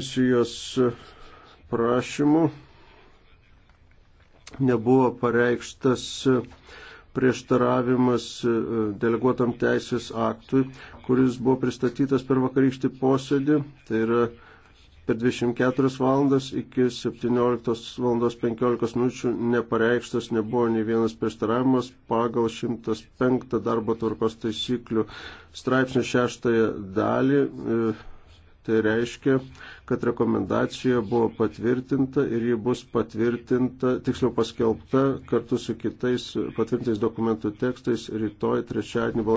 komisijos prašymu nebuvo pareikštas prieštaravimas e, deleguotam teisės aktui, kuris buvo pristatytas per vakarykštį posėdį, tai yra per 24 valandas iki 17 valandos 15 minučių nepareikštas nebuvo nei vienas prieštaravimas pagal 105 darbo tvarkos taisyklių straipsnių šeštąją dalį. E, Tai reiškia, kad rekomendacija buvo patvirtinta ir ji bus patvirtinta, tiksliau paskelbta kartu su kitais patvirtintais dokumentų tekstais rytoj trečiadienį.